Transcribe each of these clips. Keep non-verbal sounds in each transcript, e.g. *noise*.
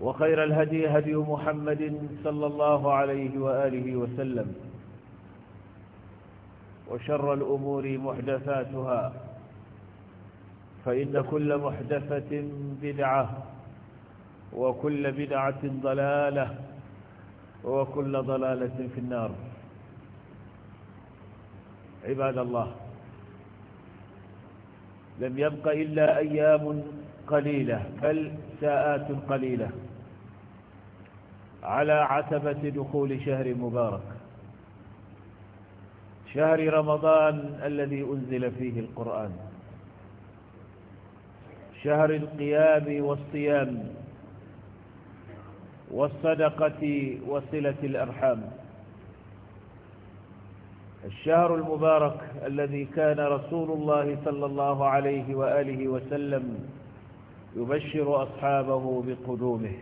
وخير الهدي هدي محمد صلى الله عليه وآله وسلم وشر الأمور محدثاتها فإن كل محدثة بدعة وكل بدعة ضلالة وكل ضلالة في النار عباد الله لم يبق إلا أيام قليلة بل ساءات قليلة على عتبة دخول شهر مبارك شهر رمضان الذي أنزل فيه القرآن شهر القيام والصيام والصدقة وصلة الأرحام الشهر المبارك الذي كان رسول الله صلى الله عليه وآله وسلم يبشر أصحابه بقدومه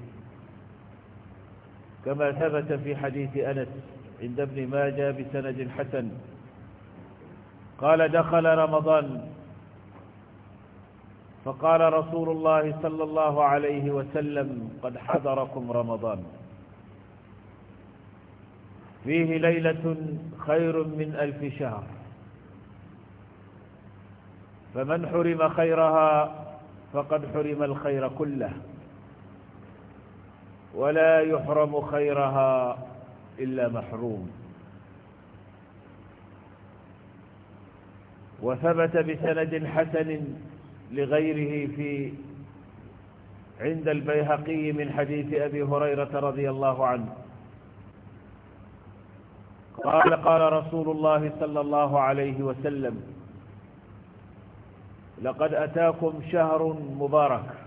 كما ثبت في حديث أنس عند ابن ماجه بسند حسن قال دخل رمضان فقال رسول الله صلى الله عليه وسلم قد حضركم رمضان فيه ليلة خير من ألف شهر فمن حرم خيرها فقد حرم الخير كله ولا يحرم خيرها إلا محروم وثبت بسند حسن لغيره في عند البيهقي من حديث أبي هريرة رضي الله عنه قال قال رسول الله صلى الله عليه وسلم لقد أتاكم شهر مبارك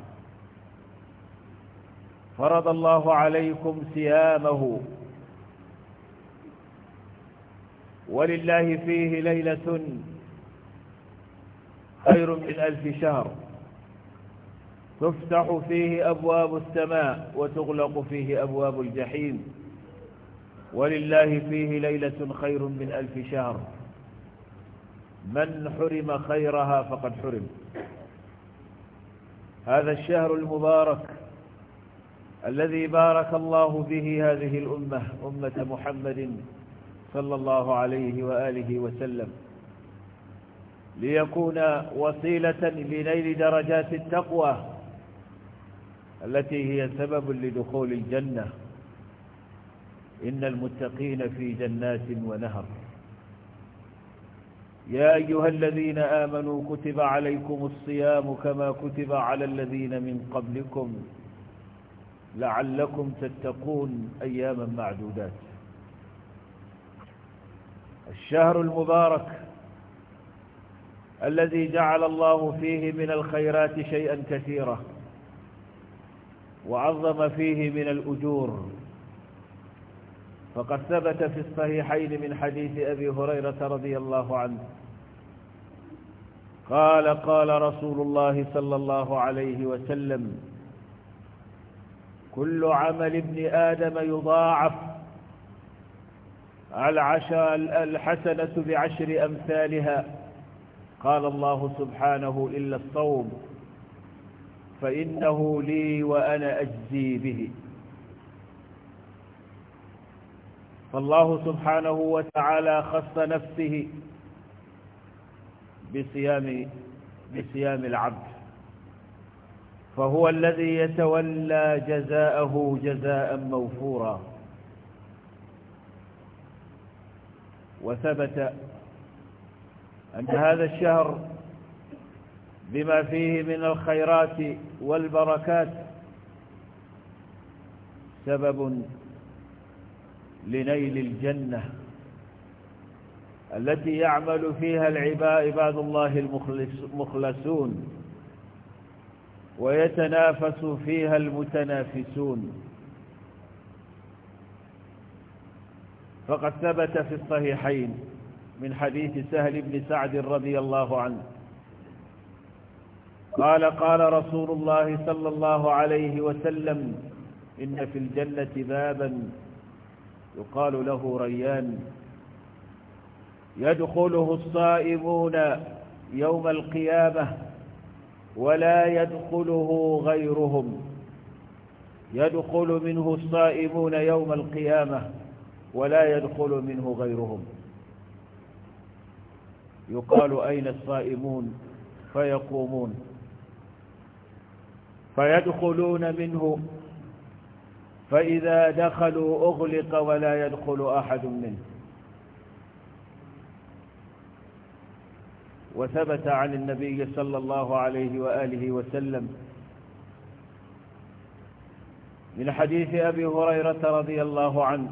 فرض الله عليكم صيامه ولله فيه ليلة خير من ألف شهر تفتح فيه أبواب السماء وتغلق فيه أبواب الجحيم ولله فيه ليلة خير من ألف شهر من حرم خيرها فقد حرم هذا الشهر المبارك الذي بارك الله به هذه الأمة أمة محمد صلى الله عليه وآله وسلم ليكون وسيلة لنيل درجات التقوى التي هي سبب لدخول الجنة إن المتقين في جنات ونهر يا أيها الذين آمنوا كتب عليكم الصيام كما كتب على الذين من قبلكم لعلكم تتقون أياما معدودات الشهر المبارك الذي جعل الله فيه من الخيرات شيئا كثيرا وعظم فيه من الأجور فقد ثبت في الصحيحين من حديث أبي هريرة رضي الله عنه قال قال رسول الله صلى الله عليه وسلم كل عمل ابن آدم يضاعف العشاء الحسنة بعشر أمثالها قال الله سبحانه إلا الصوم فإنه لي وأنا أجزي به فالله سبحانه وتعالى خص نفسه بصيام بصيام العبد فهو الذي يتولى جزاءه جزاء موفورا وثبت أن هذا الشهر بما فيه من الخيرات والبركات سبب لنيل الجنة التي يعمل فيها العباد عباد الله المخلصون ويتنافس فيها المتنافسون فقد ثبت في الصحيحين من حديث سهل بن سعد رضي الله عنه قال قال رسول الله صلى الله عليه وسلم إن في الجنة بابا يقال له ريان يدخله الصائمون يوم القيامة ولا يدخله غيرهم يدخل منه الصائمون يوم القيامة ولا يدخل منه غيرهم يقال أين الصائمون فيقومون فيدخلون منه فإذا دخلوا أغلق ولا يدخل أحد منه وثبت عن النبي صلى الله عليه وآله وسلم من حديث أبي هريرة رضي الله عنه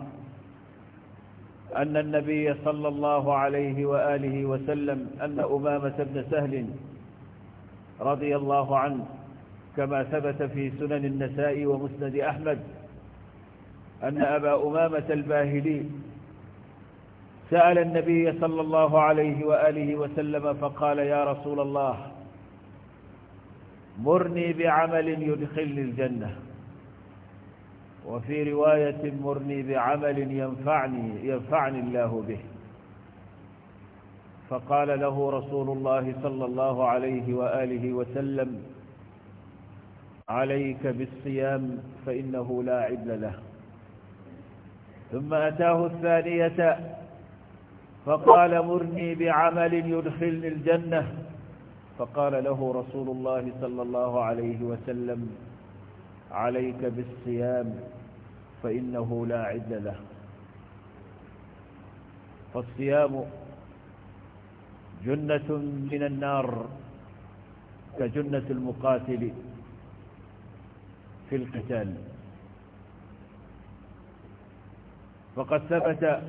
أن النبي صلى الله عليه وآله وسلم أن أمامة بن سهل رضي الله عنه كما ثبت في سنن النساء ومسند أحمد أن أبا أمامة الباهلي سأل النبي صلى الله عليه وآله وسلم فقال يا رسول الله مرني بعمل يدخلني الجنة وفي رواية مرني بعمل ينفعني, ينفعني الله به فقال له رسول الله صلى الله عليه وآله وسلم عليك بالصيام فإنه لا عدل له ثم أتاه الثانية فقال مرني بعمل يدخلني الجنة فقال له رسول الله صلى الله عليه وسلم عليك بالصيام فإنه لا عدل له فالصيام جنة من النار كجنة المقاتل في القتال فقد ثبت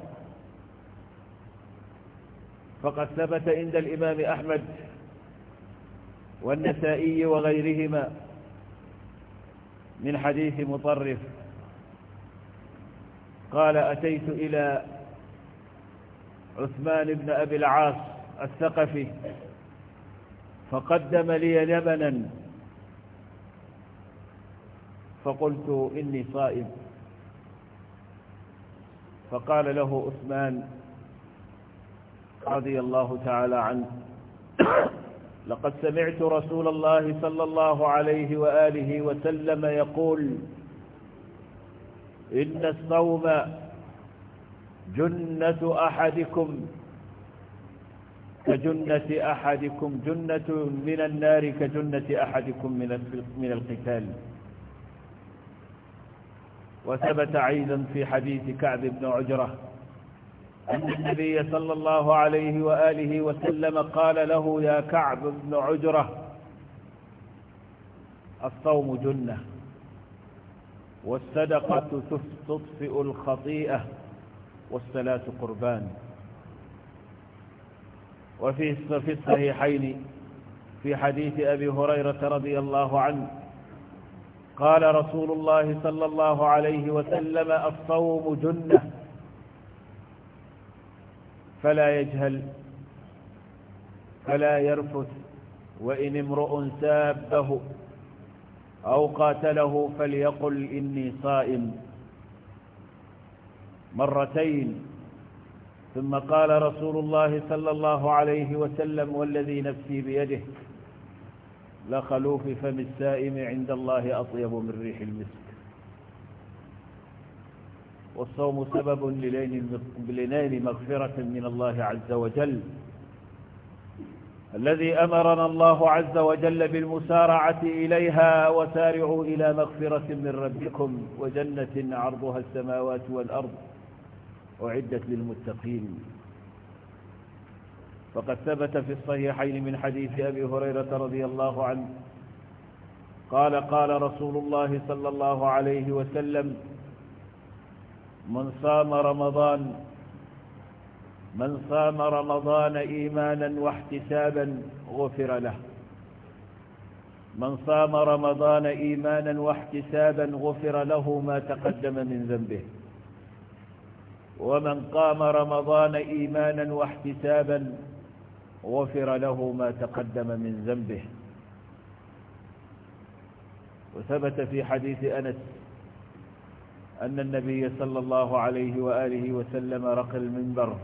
فقد ثبت عند الإمام أحمد والنسائي وغيرهما من حديث مطرف قال أتيت إلى عثمان بن أبي العاص الثقفي فقدم لي لبنا فقلت إني صائم فقال له عثمان رضي الله تعالى عنه لقد سمعت رسول الله صلى الله عليه وآله وسلم يقول إن الصوم جنة أحدكم كجنة أحدكم جنة من النار كجنة أحدكم من من القتال وثبت عيدا في حديث كعب بن عجره أن النبي صلى الله عليه وآله وسلم قال له يا كعب بن عجرة الصوم جنة والصدقة تطفئ الخطيئة والصلاة قربان وفي في الصحيحين في حديث أبي هريرة رضي الله عنه قال رسول الله صلى الله عليه وسلم الصوم جنة فلا يجهل فلا يرفث وإن امرؤ سابه أو قاتله فليقل إني صائم مرتين ثم قال رسول الله صلى الله عليه وسلم والذي نفسي بيده لخلوف فم السائم عند الله أطيب من ريح المسك والصوم سبب لنيل مغفرة من الله عز وجل الذي أمرنا الله عز وجل بالمسارعة إليها وسارعوا إلى مغفرة من ربكم وجنة عرضها السماوات والأرض أعدت للمتقين فقد ثبت في الصحيحين من حديث أبي هريرة رضي الله عنه قال قال رسول الله صلى الله عليه وسلم من صام رمضان من صام رمضان إيمانا واحتسابا غفر له من صام رمضان إيمانا واحتسابا غفر له ما تقدم من ذنبه ومن قام رمضان إيمانا واحتسابا غفر له ما تقدم من ذنبه وثبت في حديث أنس أن النبي صلى الله عليه وآله وسلم رقى المنبر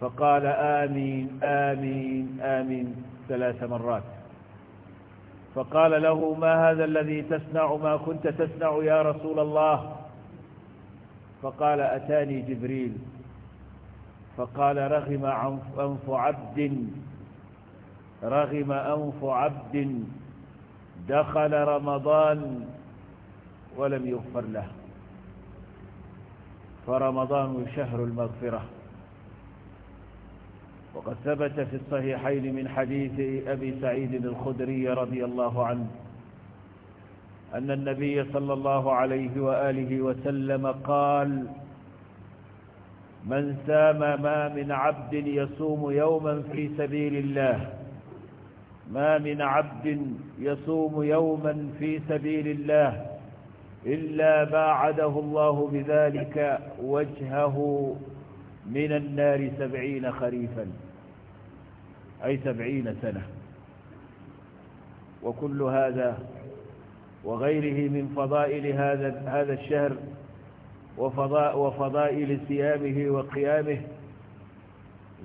فقال آمين آمين آمين ثلاث مرات فقال له ما هذا الذي تصنع ما كنت تصنع يا رسول الله فقال أتاني جبريل فقال رغم أنف عبد رغم أنف عبد دخل رمضان ولم يغفر له فرمضان شهر المغفرة وقد ثبت في الصحيحين من حديث أبي سعيد الخدري رضي الله عنه أن النبي صلى الله عليه وآله وسلم قال من سام ما من عبد يصوم يوما في سبيل الله ما من عبد يصوم يوما في سبيل الله إلا باعده الله بذلك وجهه من النار سبعين خريفا أي سبعين سنة وكل هذا وغيره من فضائل هذا هذا الشهر وفضاء وفضائل صيامه وقيامه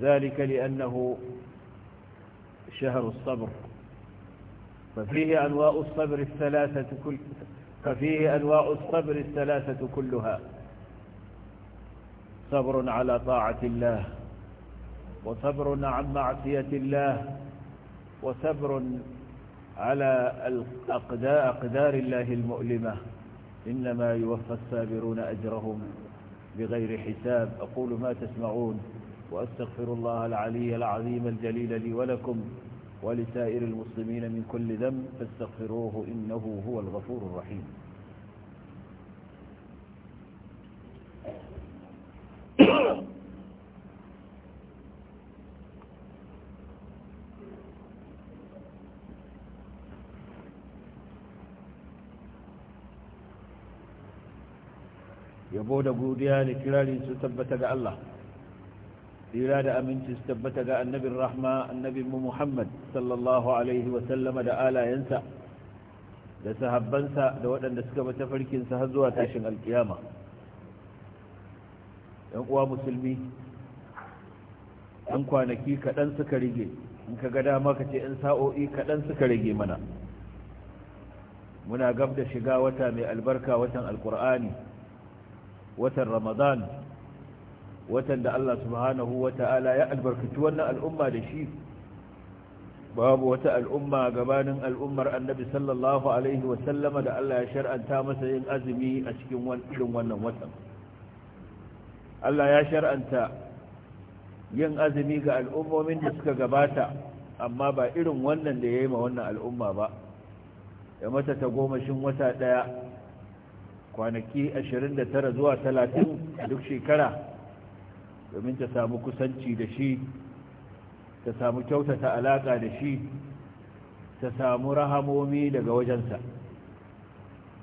ذلك لأنه شهر الصبر ففيه أنواع الصبر الثلاثة كل ففيه أنواع الصبر الثلاثة كلها صبر على طاعة الله وصبر عن معصية الله وصبر على أقدار الله المؤلمة إنما يوفى الصابرون أجرهم بغير حساب أقول ما تسمعون وأستغفر الله العلي العظيم الجليل لي ولكم ولسائر المسلمين من كل ذنب فاستغفروه إنه هو الغفور الرحيم *coughs* yabo da godiya da kirari su Sira da aminci su tabbata ga annabin rahma annabin mu muhammad sallallahu alaihi wasallama da alayensa da sahabbansa da waɗanda suka bata farkinsa, har zuwa tashin alkiyama ‘yan uwa musulmi ‘yan kwanaki kaɗan suka rige in ka ga dama ka ce ‘yan sa'o'i kaɗan suka rige mana muna gab da shiga wata mai albarka watan alkur'ani watan ramadan watan da Allah subhanahu wata'ala ya albarkaci wannan al'umma da shi babu wata al'umma gabanin al'ummar annabi sallallahu alaihi wasallama da Allah ya shar'anta masa yin azumi a cikin irin wannan watan Allah ya shar'anta yin azumi ga al'ummomin da suka gabata amma ba irin wannan da ya yi ma wannan al'umma ba ya mata ta gomashin wata ɗaya kwanaki 29 zuwa 30 duk shekara domin ta samu kusanci da shi ta samu kyautata alaƙa da shi ta samu rahamomi daga wajensa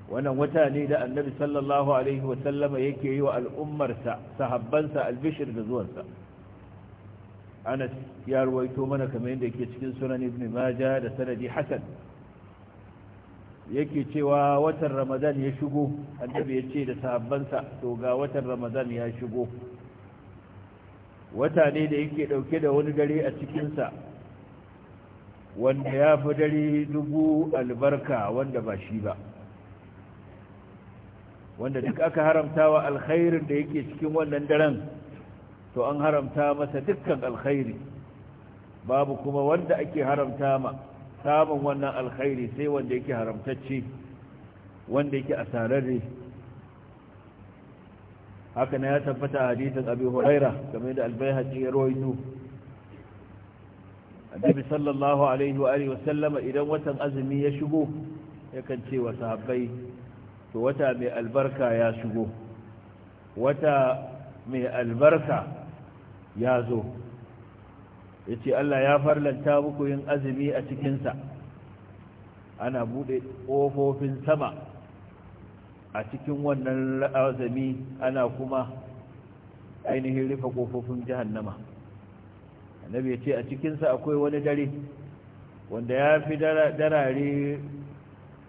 wannan wata ne da annabi sallallahu alaihi wasallama yake yi wa al'ummarsa sahabbansa albishir da zuwansa anas ya ruwaito mana kamar yadda yake cikin sunan ibn maja da sanadi hasan yake cewa watan ramadan ya shigo annabi ya ce da sahabbansa to ga watan ramadan ya shigo wata ne da yake dauke da wani dare a cikinsa wanda ya fi dare dubu albarka wanda ba shi ba wanda duk aka haramta wa alkhairin da yake cikin wannan daren to an haramta masa dukkan alkhairi babu kuma wanda ake haramta ma samun wannan alkhairi sai wanda yake haramtacce wanda yake asararre haka na ya tabbata a hadisin abi huraira game da albayhaqi ya rawaito annabi sallallahu alaihi wa alihi wasallama idan watan azumi ya shigo yakan ce wa sahabbai to wata mai albarka ya shigo wata mai albarka ya zo ya ce Allah ya farlanta muku yin azumi a cikinsa ana buɗe ƙofofin sama a cikin wannan azami ana kuma ainihin rufe kofofin jahannama annabi ya ce a cikinsa akwai wani dare wanda ya fi darare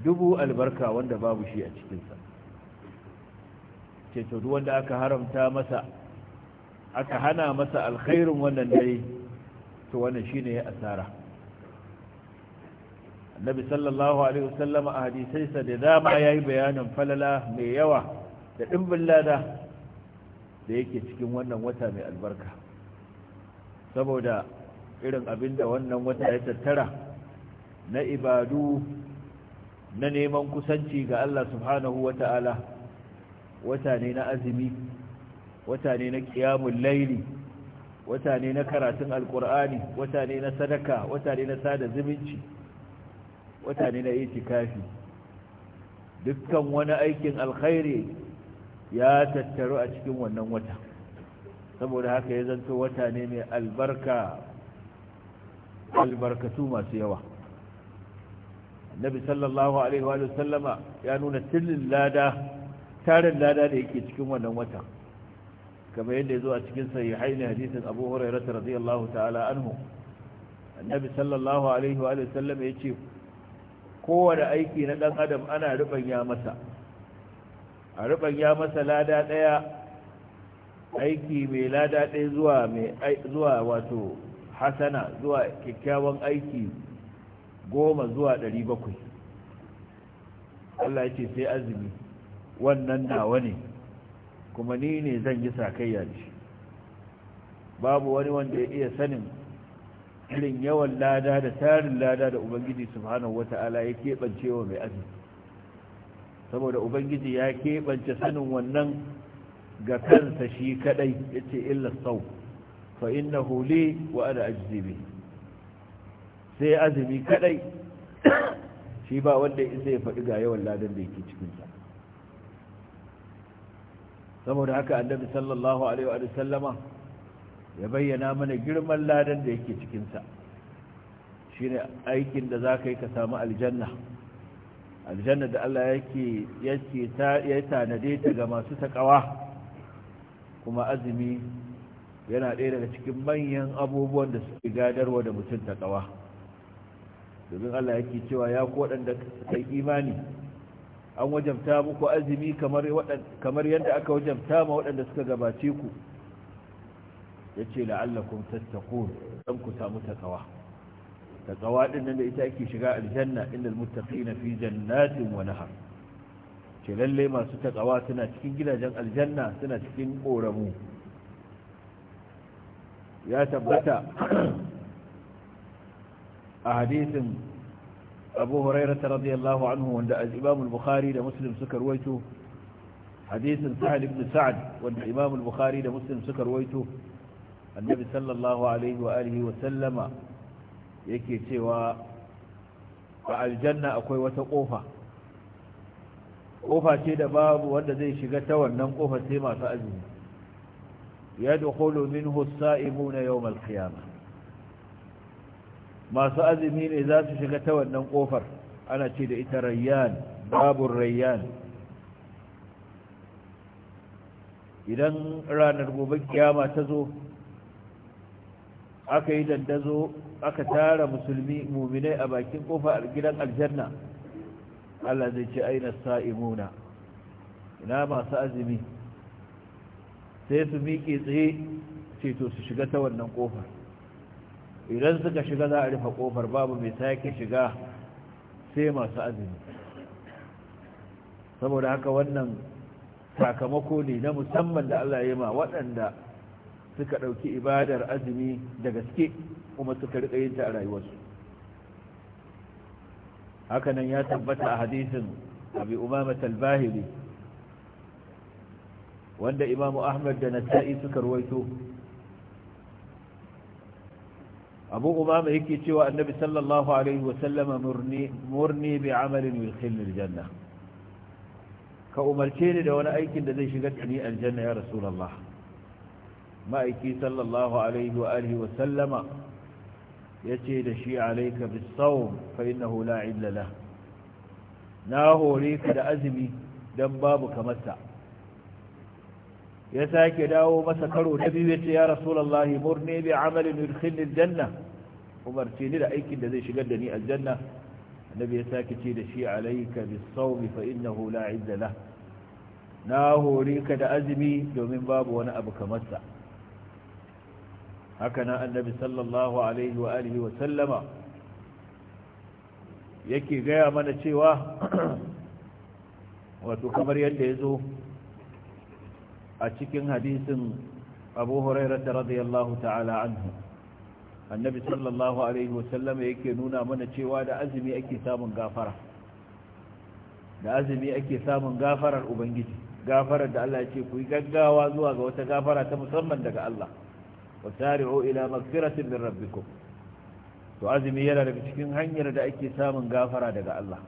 dubu albarka wanda babu shi a cikinsa ceto duk wanda aka haramta masa aka hana masa alkhairin wannan dare to wannan ne ya asara annabi sallallahu alaihi wasallam a hadisaisa da dama ya yi bayanin falala mai yawa da dimbin lada da yake cikin wannan wata mai albarka saboda irin abinda wannan wata ya tattara na ibadu na neman kusanci ga Allah subhanahu wata'ala wata ne na azumi wata ne na qiyamul laili wata ne na karatun alqur'ani wata ne na sadaka wata ne na sada zumunci Watane na na itikafi dukkan wani aikin alkhairi ya tattaru a cikin wannan wata saboda haka ya zanto watane mai albarka albarkatu masu yawa annabi sallallahu alaihi wa sallama ya nuna tilin lada tarin lada da yake cikin wannan wata kama yadda ya zo a cikin sahihai ne hadisin abu hurairah radiyallahu ta'ala anhu annabi sallallahu alaihi wa sallama ya ce kowane aiki na ɗan adam ana ya masa a ya masa lada ɗaya aiki mai lada ɗaya zuwa wato hasana zuwa kyakkyawan aiki goma zuwa ɗari bakwai Allah ya ce sai azumi wannan nawa ne kuma ni ne zan yi sakayya da shi babu wani wanda ya iya sanin irin yawan lada da tarin lada da ubangiji subhanahu wata'ala ya keɓance wa mai azumi saboda ubangiji ya keɓance sanin wannan ga kansa shi kaɗai ya ce illa sau fa inna hule wa ana ajizibi sai azumi kaɗai shi ba wanda isa ya faɗi ga yawan ladan da yake cikinsa saboda haka annabi sallallahu alaihi wa sallama ya bayyana mana girman ladan da yake cikinsa shi ne aikin da za ka yi ka samu aljanna aljanna da Allah yake ya tanade ta ga masu taƙawa kuma azumi yana ɗaya daga cikin manyan abubuwan da suke gadarwa da mutum taƙawa domin Allah yake cewa ya waɗanda kai imani an wajabta muku azumi kamar yadda aka wajabta ma waɗanda suka gabace ku yace la'allakum tattaqun dan ku samu takawa takawa ɗin nan da ita ake shiga aljanna innal muttaqina fi jannatin wa nahar ce lalle masu takawa suna cikin gidajen aljanna suna cikin ƙoramu. ya tabbata a hadisin abu hurairah radiyallahu anhu wanda al-imam bukhari da muslim suka ruwaito hadisin sa'ad ibn sa'ad wanda imam al-bukhari da muslim suka ruwaito annabi sallallahu alaihi wa alihi wa sallama yake cewa a aljanna akwai wata kofa kofa ce da babu wanda zai shiga ta wannan kofa sai masu azumi ya dukulu minhu sa'imuna yau qiyama masu azumi ne za su shiga ta wannan kofar ana ce da ita rayyan babu rayyan idan ranar gobe kiyama ta zo aka yi dandazo aka tara musulmi muminai a bakin kofa gidan aljanna Allah zai ce aina sa'imuna ina masu azumi sai su miƙe tsaye ceto su shiga ta wannan kofar idan suka shiga za a rufe kofar babu mai sake shiga sai masu azumi saboda haka wannan sakamako ne na musamman da Allah ya ma waɗanda suka ɗauki ibadar azumi da gaske kuma suka riƙa yin ta a rayuwarsu hakanan ya tabbata a hadisin abi umama talbahili wanda imamu ahmad da nasa'i suka ruwaito abu umama yake cewa annabi sallallahu alaihi wasallama murni bi amalin wilkhilin janna ka umarce ni da wani aikin da zai shiga ni aljanna ya rasulallah ma'aiki sallallahu alaihi wa alihi wa sallama ya ce da shi alayka bi sawm fa innahu la illa la na hore ka da azumi don babu kamar ya sake dawo masa karo na biyu yace ya rasulullahi murni bi amalin yudkhilni al-janna umarce ni da aikin da zai shigar da ni aljanna annabi ya sake ce da shi alayka bi sawm fa innahu la illa la na hore ka da azumi domin babu wani abu kamar haka na annabi sallallahu alaihi wa alihi wa sallama yake gaya mana cewa *clears throat* wato kamar yadda ya zo a cikin hadisin abu hurairata radiyallahu ta'ala anhu annabi sallallahu alaihi wa sallama yake nuna mana cewa da azumi ake samun gafara da azumi ake samun gafarar ubangiji gafarar da Allah ya ce ku yi gaggawa zuwa ga wata gafara ta musamman daga Allah wasari'u ila magfiratin min rabbikum to azumi yana daga cikin hanyar da ake samun gafara daga Allah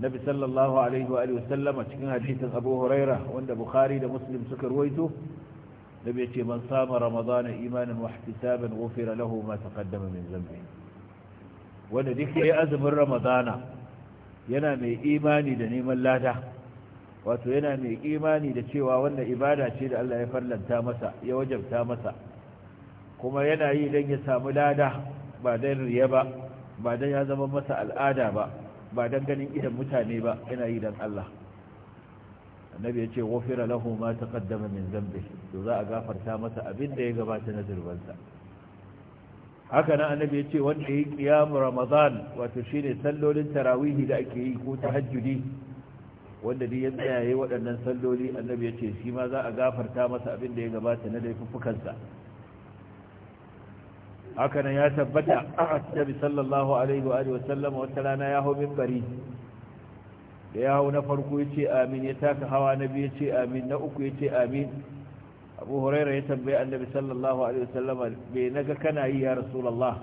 nabi sallallahu alaihi wa alihi wasallama cikin hadisin Abu Huraira wanda Bukhari da Muslim suka ruwaito nabi ya ce man sama ramadana imanan wa ihtisaban ghufira lahu ma taqaddama min dhanbi wanda duk yayi azumin ramadana yana mai imani da neman lada wato yana mai imani da cewa wannan ibada ce da Allah ya farlanta masa ya wajabta masa kuma yana yi don ya samu lada ba don riya ba ba don ya zama masa al'ada ba ba don ganin idan mutane ba yana yi don Allah annabi ya ce wafira lahu ma kaddama min zambe, to za a gafarta masa abin da ya gabata na zurbansa haka nan annabi ya ce wanda yi ramadan wato shine sallolin tarawihi da ake yi ko tahajjudi wanda duk ya tsaya yayi waɗannan salloli annabi ya ce shi ma za a gafarta masa abin da ya gabata na laifuffukansa haka nan ya tabbata annabi sallallahu alaihi wa alihi wasallam wata rana ya hau minbari da ya hau na farko ya ce amin ya taka hawa na biyu ya ce amin na uku ya ce amin abu huraira ya tambaye annabi sallallahu alaihi wa sallam me naga kana yi ya rasulullah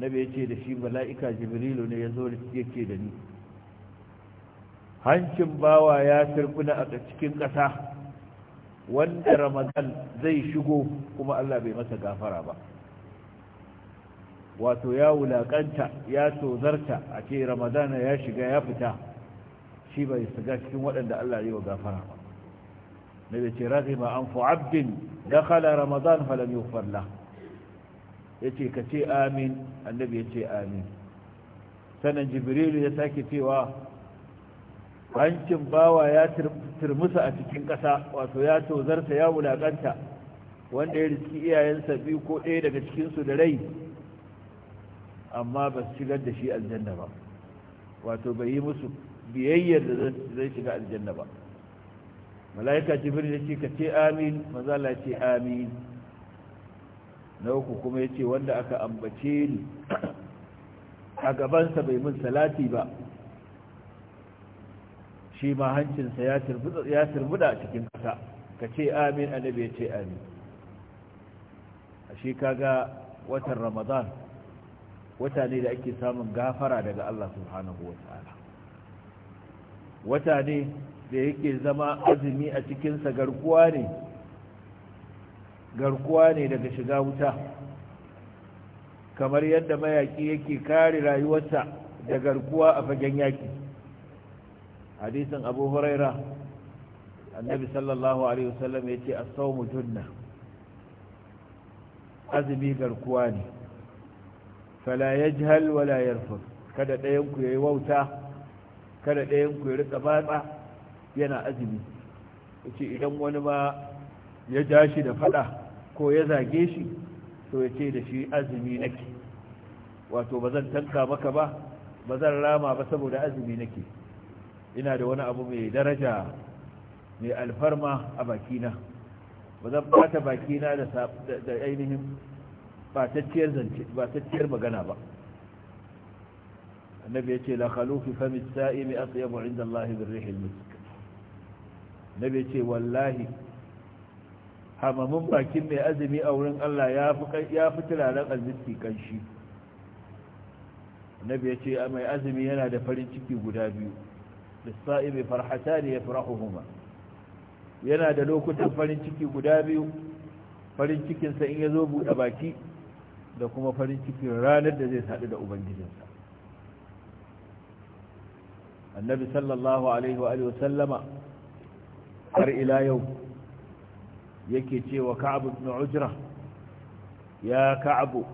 nabi ya ce da shi mala'ika jibrilu ne ya zo yake da ni hancin bawa ya turbuna a cikin ƙasa wanda ramadan zai shigo kuma Allah bai masa gafara ba wato ya wulaƙanta ya tozarta a ce ramadana ya shiga ya fita shi bai shiga cikin waɗanda Allah yi wa gafara ba na bai ce rafi ma an fu'abdin dakhala ramadan falam yughfar la yace ka ce amin annabi ya ce amin sanan jibril ya sake cewa hancin bawa ya turmusa a cikin ƙasa wato ya tozarta ya wulaƙanta wanda ya riski iyayensa biyu ko ɗaya daga cikinsu da rai amma ba su shigar da shi aljanna ba wato bai yi musu biyayyar da zai shiga aljanna ba mala'ika jibril ya ce ka ce amin mazala ce amin na uku kuma ya ce wanda aka ambace ni a gabansa bai mun salati ba shi ma hancinsa ya turbuda a cikin kasa, ka ce amin annabi ya ce amin a shi kaga watan ramadan wata ne da ake samun gafara daga Allah subhanahu wa ta'ala wata ne da yake zama azumi a cikinsa garkuwa ne garkuwa ne daga shiga wuta kamar yadda mayaki yake kare rayuwarsa da garkuwa a fagen yaki hadisin abu huraira annabi sallallahu alaihi wasallam ya ce asawmu junna azumi garkuwa ne fala yajhal wala yarfud kada ɗayan ku yayi wauta kada ɗayan ya rika batsa yana azumi yace idan wani ma ya ja da fada ko ya zage shi to ya ce da shi azumi nake wato ba zan tanka maka ba ba zan rama ba saboda azumi nake ina da wani abu mai daraja mai alfarma a bakina ba zan bata bakina da ainihin batacciyar magana ba annabi ya ce la khalufi fami sa'imi atyabu inda Allah bir rihil misk annabi ya ce wallahi hamamin bakin mai azumi a wurin Allah ya fi turaren almiski kanshi annabi ya ce mai azumi yana da farin ciki guda biyu lissa'ibi farhatani yafrahuhuma yana da lokutan farin ciki guda biyu farin cikinsa in ya zo buɗe baki da kuma farin cikin ranar da zai haɗu da ubangijinsa annabi sallallahu har ila yau yake cewa ka'ab ibn ya ka'abu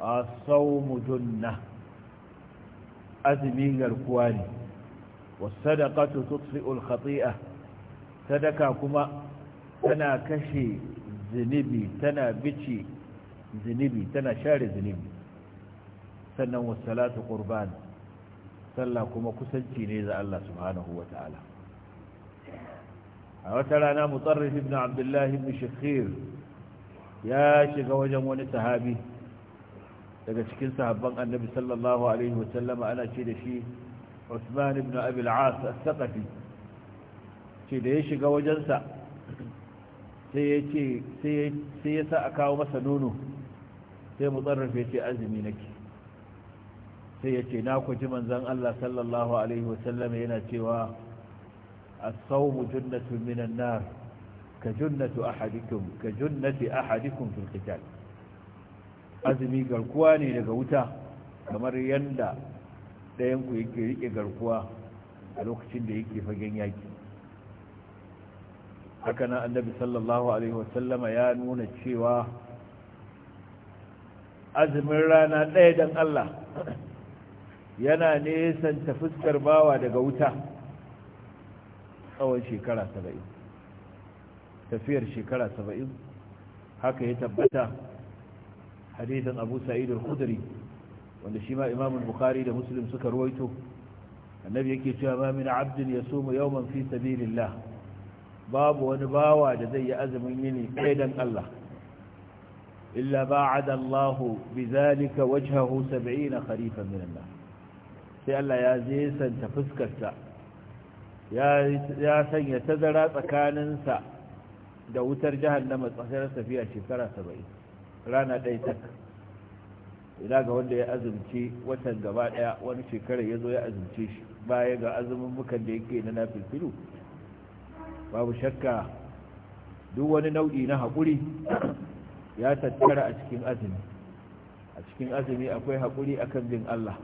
a sawm junna azmi garkuwa ne wasadaqatu tutfi'ul khati'ah sadaka kuma tana kashe zunubi tana bici zunubi tana share zunubi sannan wassalatu qurban sallah kuma kusanci ne ga Allah subhanahu wataala a wata rana mutarrif ibn abdullahi ibn ya shiga wajen wani sahabi daga cikin sahabban annabi sallallahu alaihi ana ce da shi Usman ibn Abi al-As al-Thaqafi ce da ya shiga wajensa sai ya ce sai ya sa a kawo masa nono sai mutsarrafe ce azumi nake sai ya ce na kuji manzon Allah sallallahu alaihi wasallam yana cewa as-sawmu junnatun minan nar ka junnatu ahadikum ka junnati ahadikum fil qital azumi garkuwa ne daga wuta kamar yanda ɗayan ku yake riƙe garkuwa a lokacin da yake fagen yaki haka nan annabi sallallahu alaihi wasallama ya nuna cewa azumin rana ɗaya don Allah *clears throat* yana nesanta fuskar bawa daga wuta tsawon shekara saba'in tafiyar shekara saba'in haka ya tabbata hadisin abu sa'id al-khudri wanda shi ma imamin bukari da muslim suka ruwaito annabi yake cewa ma min abdin yasumu yawman fi sabilillah babu wani bawa da zai yi azumin yini kai dan Allah illa ba'ada Allah bizalika wajhahu 70 kharifan min Allah sai Allah ya zesanta fuskarsa ya sanya tazara tsakaninsa da wutar na tsakanin tafiya shekara 70 rana ɗaya ina ga wanda ya azumci watan gaba daya wani shekara ya zo ya azumce shi baya ga azumin mukan da yake na nafilfilu babu shakka duk wani nau'i na haƙuri ya tattara a cikin azumi a cikin azumi akwai haƙuri akan bin Allah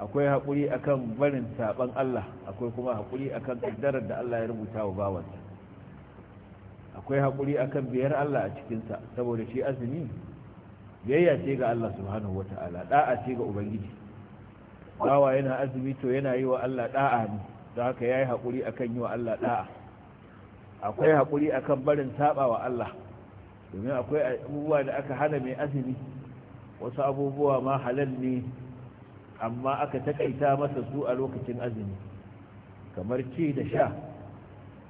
akwai haƙuri akan barin saban Allah akwai kuma haƙuri akan kaddarar da Allah ya rubuta wa bawansa akwai hakuri akan biyar Allah a cikinsa saboda shi azumi biyayya ce ga Allah subhanahu ta'ala da'a ce ga ubangiji bawa yana azumi to yana yi wa Allah da'a ne don haka yayi hakuri akan yi wa Allah da'a akwai hakuri akan barin saba wa Allah domin akwai abubuwa da aka hana mai azumi wasu abubuwa ma halal ne amma aka takaita masa su a lokacin azumi kamar ci da sha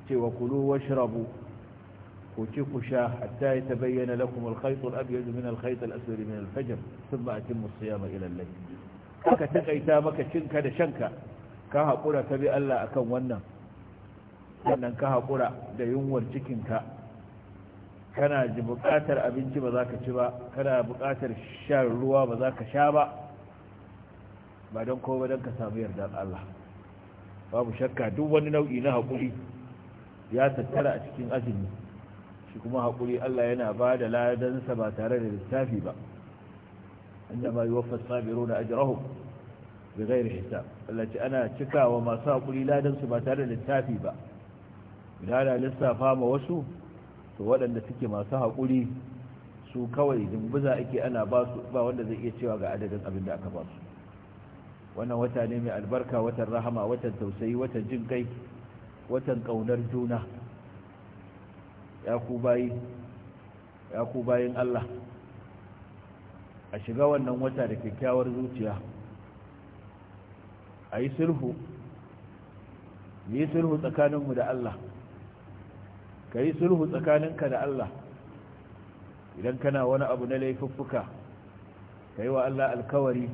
cewa kulu washrabu كوتيكو شاه حتى يتبين لكم الخيط الأبيض من الخيط الأسود من الفجر ثم أتم الصيام إلى الليل haka takaita maka cinka da shanka ka haƙura ka bi Allah akan wannan wannan ka haƙura da yunwar cikinka kana ji buƙatar abinci ba za ka ci ba kana buƙatar shan ruwa ba za ka sha ba ba don kowa don ka samu yarda Allah babu shakka duk wani nau'i na haƙuri ya tattara a cikin azumi shi kuma haƙuri Allah yana ba da ladansa ba tare da lissafi ba inda ma yuwaffas sabiruna ajrahum bi ghairi hisab Allah ce ana cikawa masu haƙuri ladansu ba tare da lissafi ba idan ana lissafa ma wasu to waɗanda suke masu haƙuri su kawai dumbuza ake ana ba su ba wanda zai iya cewa ga adadin abin da aka ba su wannan wata ne mai albarka watan rahama watan tausayi watan jin kai watan ƙaunar juna ya ku bayin Allah a shiga wannan wata da kyakkyawar zuciya a yi sulhu yi sulhu tsakaninmu da Allah ka yi sulhu tsakaninka da Allah idan kana wani abu na laifuffuka ka yi wa Allah alkawari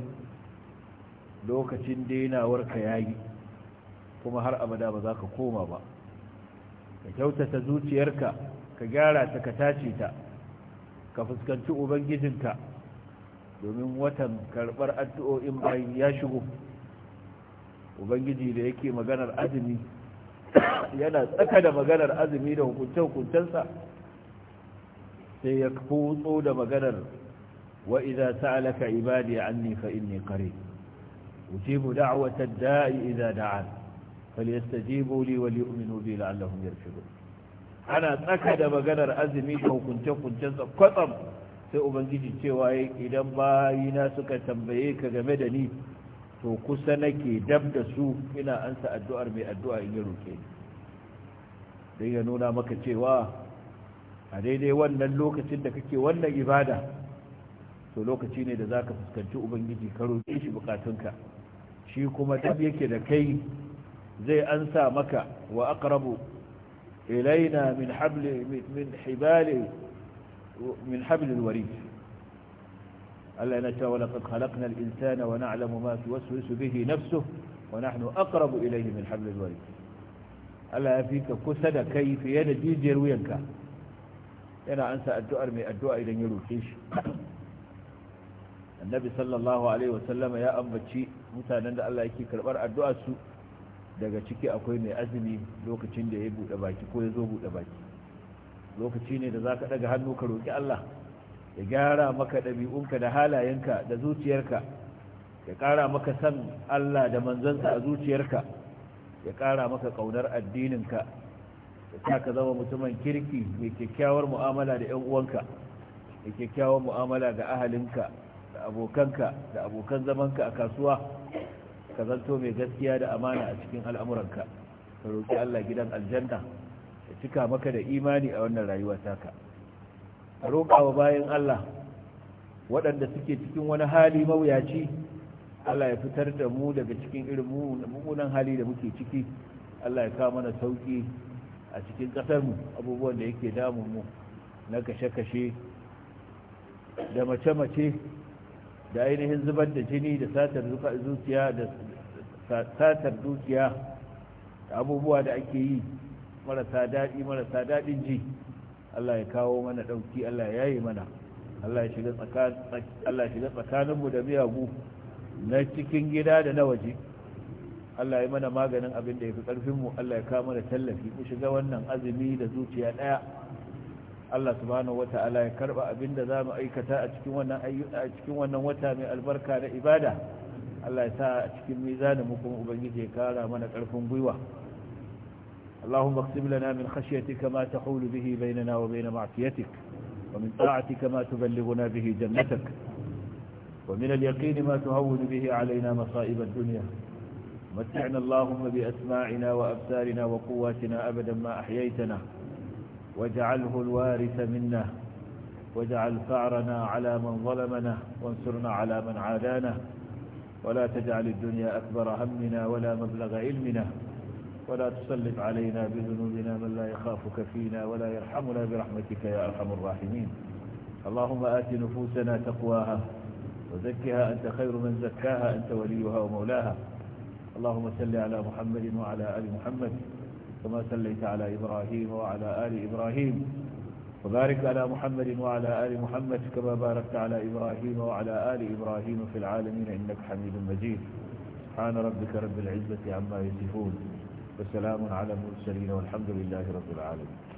lokacin dainawarka ya yayi kuma har abada ba za ka koma ba ka kyautata zuciyarka ka gyara ta ka tace ta ka fuskanci ubangijinka domin watan karbar addu'o'in bayan ya shigo ubangiji da yake maganar azumi yana tsaka da maganar azumi da hukunce-hukuncensa sai ya kutso da maganar وإذا ibadi anni fa inni qareeb ujibu دعوة da'i إذا دعان فليستجيبوا لي وليؤمنوا بي لعلهم يرشدون ana tsaka da maganar azumi da hukunce hukuncen kwatsam sai ubangiji cewa idan bayina suka tambaye ka game da ni to kusa nake dab da su ina ansa addu'ar mai addu'a in ya roke ni ya nuna maka cewa a daidai wannan lokacin da kake wannan ibada to lokaci ne da za ka fuskanci ubangiji ka roke shi bukatunka shi kuma dab yake da kai zai ansa maka wa aqrabu ilaina min habli min hibali min habli alwarid Allah yana cewa laqad khalaqna al-insana wa na'lamu ma tuwaswisu bihi nafsuhu wa nahnu aqrabu ilayhi min habli alwarid Allah ya fika kusa da kai fiye da jijiyar wuyanka yana ansa addu'ar mai addu'a idan ya roke shi annabi sallallahu alaihi wasallama ya ambaci mutanen da Allah yake karbar addu'ar su daga ciki akwai mai azumi lokacin da ya buɗe baki ko ya zo buɗe baki lokaci ne da za ka ɗaga hannu ka roƙi Allah ya gyara maka ɗabi'unka da halayenka da zuciyarka ya ƙara maka san Allah da manzansa a zuciyarka ya ƙara maka ƙaunar addininka ya sa ka zama mutumin kirki mai kyakkyawar mu'amala da 'yan uwanka mai kyakkyawar mu'amala da ahalinka da abokanka da abokan zamanka a kasuwa ka zanto mai gaskiya da amana a cikin al'amuranka ka roƙi Allah gidan aljanna ya cika maka da imani a wannan rayuwa taka ka roƙa wa bayan Allah waɗanda suke cikin wani hali mawuyaci Allah ya fitar da mu daga cikin irin mummunan hali da muke ciki Allah ya kawo mana sauki a cikin ƙasarmu abubuwan da yake damun mu na kashe-kashe da mace-mace da ainihin zubar da jini da satar zuciya da satar dukiya da abubuwa da ake yi marasa daɗi marasa daɗin ji Allah ya kawo mana ɗauki Allah ya yi mana Allah ya shiga tsakaninmu da miyagu na cikin gida da na waje Allah ya mana maganin abin da ya fi ƙarfinmu Allah ya kawo mana tallafi mu shiga wannan azumi da zuciya ɗaya Allah subhanahu wata'ala ya karba abinda za mu aikata a cikin wannan a cikin wannan wata mai albarka da ibada Allah ya sa a cikin mizanin mu kuma ubangiji ya kara mana karfin gwiwa اللهم اقسم لنا من خشيتك ما تحول به بيننا وبين معصيتك ومن طاعتك ما تبلغنا به جنتك ومن اليقين ما تهون به علينا مصائب الدنيا متعنا اللهم بأسماعنا وأبصارنا وقواتنا أبدا ما أحييتنا واجعله الوارث منا واجعل ثأرنا على من ظلمنا وانصرنا على من عادانا ولا تجعل الدنيا أكبر همنا ولا مبلغ علمنا ولا تسلط علينا بذنوبنا من لا يخافك فينا ولا يرحمنا برحمتك يا أرحم الراحمين اللهم آت نفوسنا تقواها وزكها أنت خير من زكاها أنت وليها ومولاها اللهم صل على محمد وعلى آل محمد كما صليت على إبراهيم وعلى آل إبراهيم وبارك على محمد وعلى آل محمد كما باركت على إبراهيم وعلى آل إبراهيم في العالمين إنك حميد مجيد سبحان ربك رب العزة عما يصفون وسلام على المرسلين والحمد لله رب العالمين